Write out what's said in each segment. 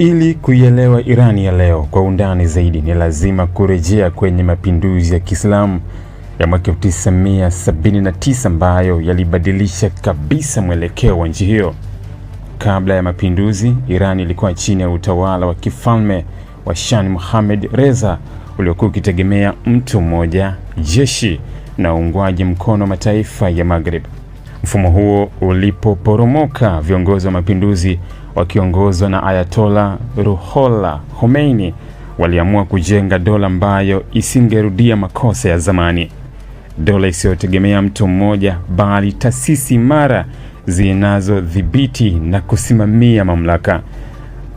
Ili kuielewa Irani ya leo kwa undani zaidi, ni lazima kurejea kwenye mapinduzi ya Kiislamu ya mwaka 1979 ambayo yalibadilisha kabisa mwelekeo wa nchi hiyo. Kabla ya mapinduzi, Irani ilikuwa chini ya utawala wa kifalme wa Shah Mohammad Reza uliokuwa ukitegemea mtu mmoja, jeshi na uungwaji mkono mataifa ya Maghreb. Mfumo huo ulipoporomoka, viongozi wa mapinduzi wakiongozwa na Ayatola Ruhollah Khomeini waliamua kujenga dola ambayo isingerudia makosa ya zamani, dola isiyotegemea mtu mmoja, bali taasisi imara zinazodhibiti na kusimamia mamlaka.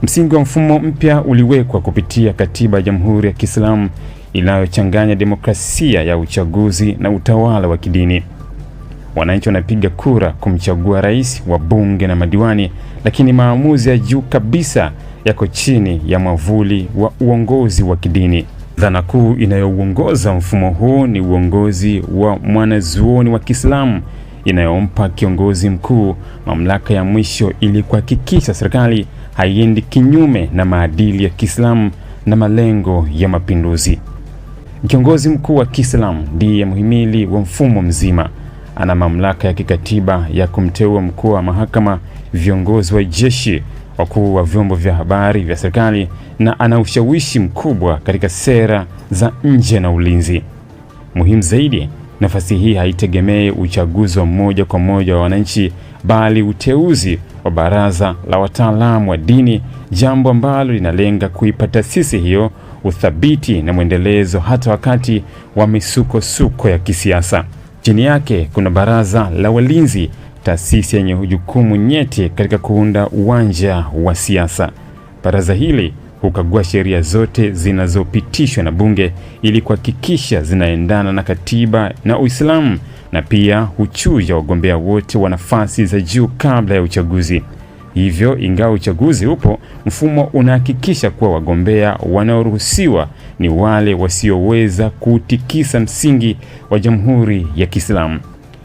Msingi wa mfumo mpya uliwekwa kupitia katiba ya Jamhuri ya Kiislamu inayochanganya demokrasia ya uchaguzi na utawala wa kidini wananchi wanapiga kura kumchagua rais, wabunge na madiwani, lakini maamuzi ya juu kabisa yako chini ya mwavuli wa uongozi wa kidini. Dhana kuu inayouongoza mfumo huu ni uongozi wa mwanazuoni wa Kiislamu, inayompa kiongozi mkuu mamlaka ya mwisho ili kuhakikisha serikali haiendi kinyume na maadili ya Kiislamu na malengo ya mapinduzi. Kiongozi mkuu wa Kiislamu ndiye mhimili wa mfumo mzima ana mamlaka ya kikatiba ya kumteua mkuu wa mahakama, viongozi wa jeshi, wakuu wa vyombo vya habari vya serikali na ana ushawishi mkubwa katika sera za nje na ulinzi. Muhimu zaidi, nafasi hii haitegemei uchaguzi wa moja kwa moja wa wananchi, bali uteuzi wa baraza la wataalamu wa dini, jambo ambalo linalenga kuipa taasisi hiyo uthabiti na mwendelezo hata wakati wa misukosuko ya kisiasa. Chini yake kuna baraza la walinzi, taasisi yenye jukumu nyeti katika kuunda uwanja wa siasa. Baraza hili hukagua sheria zote zinazopitishwa na bunge ili kuhakikisha zinaendana na katiba na Uislamu, na pia huchuja wagombea wote wa nafasi za juu kabla ya uchaguzi. Hivyo, ingawa uchaguzi upo, mfumo unahakikisha kuwa wagombea wanaoruhusiwa ni wale wasioweza kutikisa msingi wa Jamhuri ya Kiislamu.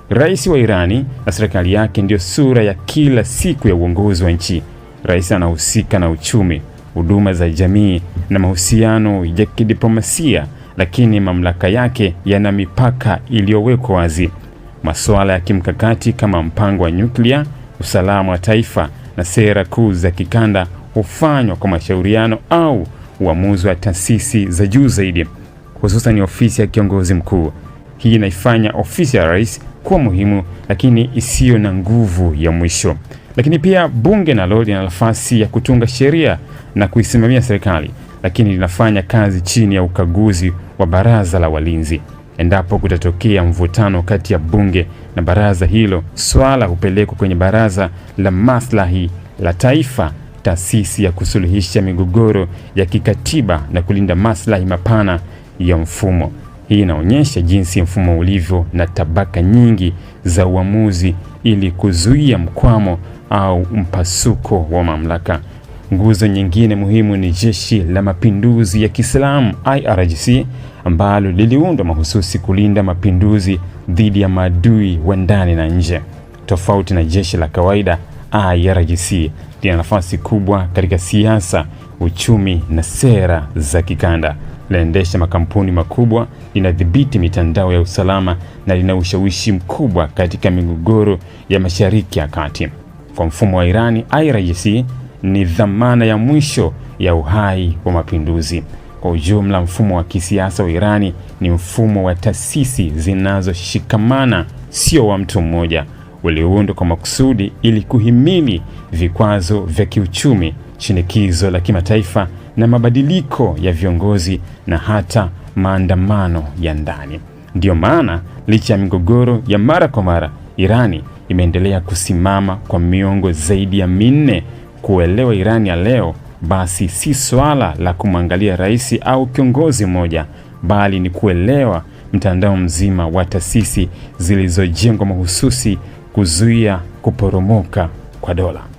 Rais wa Irani na serikali yake ndiyo sura ya kila siku ya uongozi wa nchi. Rais anahusika na uchumi, huduma za jamii na mahusiano ya kidiplomasia, lakini mamlaka yake yana mipaka iliyowekwa wazi. Masuala ya kimkakati kama mpango wa nyuklia, usalama wa taifa na sera kuu za kikanda hufanywa kwa mashauriano au uamuzi wa taasisi za juu zaidi, hususan ofisi ya kiongozi mkuu. Hii inaifanya ofisi ya rais kuwa muhimu, lakini isiyo na nguvu ya mwisho. Lakini pia bunge nalo lina nafasi ya kutunga sheria na kuisimamia serikali, lakini linafanya kazi chini ya ukaguzi wa baraza la walinzi. Endapo kutatokea mvutano kati ya bunge na baraza hilo, swala hupelekwa kwenye baraza la maslahi la taifa, taasisi ya kusuluhisha migogoro ya kikatiba na kulinda maslahi mapana ya mfumo. Hii inaonyesha jinsi mfumo ulivyo na tabaka nyingi za uamuzi ili kuzuia mkwamo au mpasuko wa mamlaka. Nguzo nyingine muhimu ni Jeshi la Mapinduzi ya Kiislamu IRGC ambalo liliundwa mahususi kulinda mapinduzi dhidi ya maadui wa ndani na nje. Tofauti na jeshi la kawaida, IRGC lina nafasi kubwa katika siasa, uchumi na sera za kikanda. Linaendesha makampuni makubwa, linadhibiti mitandao ya usalama na lina ushawishi mkubwa katika migogoro ya Mashariki ya Kati. Kwa mfumo wa Irani, IRGC ni dhamana ya mwisho ya uhai wa mapinduzi. Kwa ujumla, mfumo wa kisiasa wa Irani ni mfumo wa taasisi zinazoshikamana, sio wa mtu mmoja, ulioundwa kwa makusudi ili kuhimili vikwazo vya kiuchumi, shinikizo la kimataifa na mabadiliko ya viongozi na hata maandamano ya ndani. Ndiyo maana licha ya migogoro ya mara kwa mara, Irani imeendelea kusimama kwa miongo zaidi ya minne. Kuelewa Irani ya leo basi si swala la kumwangalia rais au kiongozi mmoja, bali ni kuelewa mtandao mzima wa taasisi zilizojengwa mahususi kuzuia kuporomoka kwa dola.